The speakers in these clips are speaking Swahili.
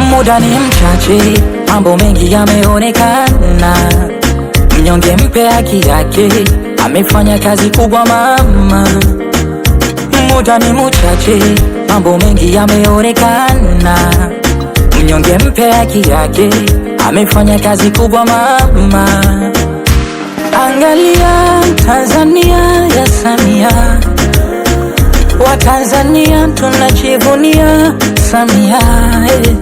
mudani muda ni mchache, mambo mengi yameonekana. Mnyonge mpe haki yake, amefanya kazi kubwa mama. Muda ni mchache, mambo mengi yameonekana. Mnyonge mpe haki yake, amefanya kazi kubwa mama. Angalia Tanzania. Tanzania tunachivunia Samia eh.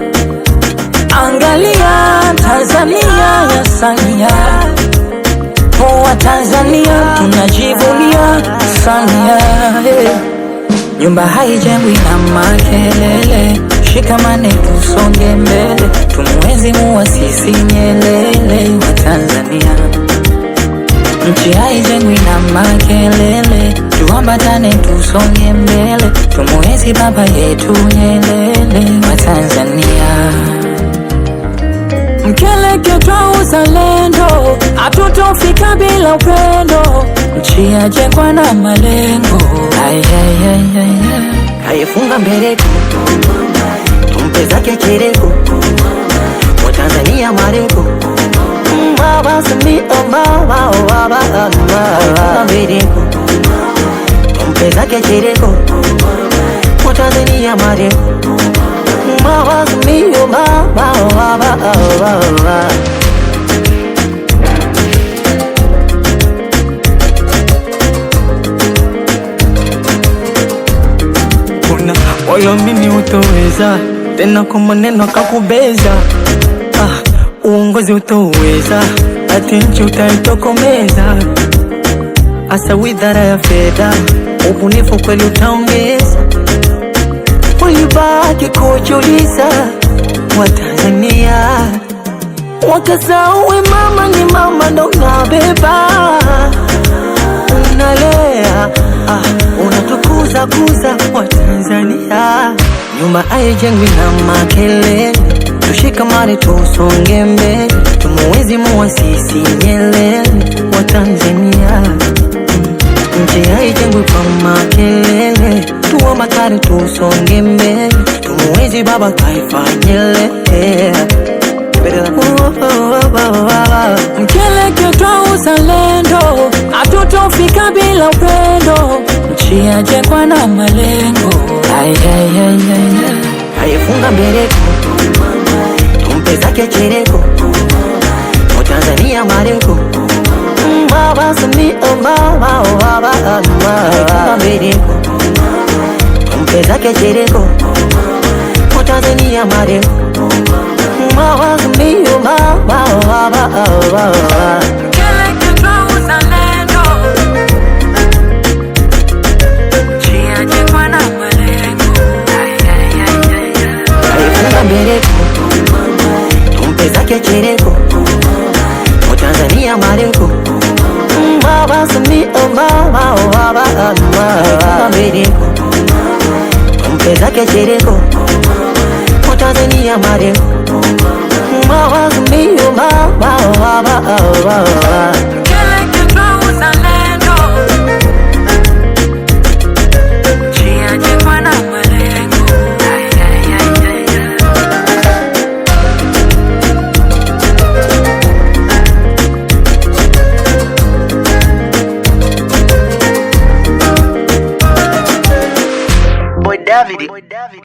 Angalia Tanzania ya Samia, Tanzania tunajivunia Samia eh. Nyumba haijengwi na makelele, shikamane tusonge mbele, tumwezi muasisi nyelele wa Tanzania. Nchi haijengwi na makelele tuambatane tusonge mbele, tumuwezi baba yetu nyelele wa Tanzania. Mkeleke twa uzalendo, hatutofika bila upendo, nchi yajengwa na malengo. Ayefunga mbeleko tumpe zake kereko, Watanzania mareko Baba Samia, baba baba baba, mbeleko que mucha zake Jeriko, Mtanzania mare mawazo mio baba baba baba kuna wayamini utoweza tena kwa maneno akakubeza. Ah, uongozi utoweza ati nchi utaitokomeza, asa widhara ya fedha ubunifu kwenu taongeza walibaki kujiuliza Watanzania wakasawe, mama ni mama ndo nabeba, unalea ah, unatukuza kuza Watanzania, nyumba haijengwi na makelele, tushikamane tusonge mbele, tumuwezi muasisi Nyerere wa Tanzania Njia haijengwi kwa makelele, tuomba tusonge mbele, tumuizi baba taifa nyele mkeleketo uzalendo, hatutofika bila upendo, njia jengwa na malengo, haifunga mbele, tumpe zake chere Samia mama oh baba alikuwa mabadiliko oh, kumbe zake jereko Tanzania marengo mama Samia mama oh baba oh, oh, marengo mpe zake cherengo Tanzania marengo mawazo mio mawawa David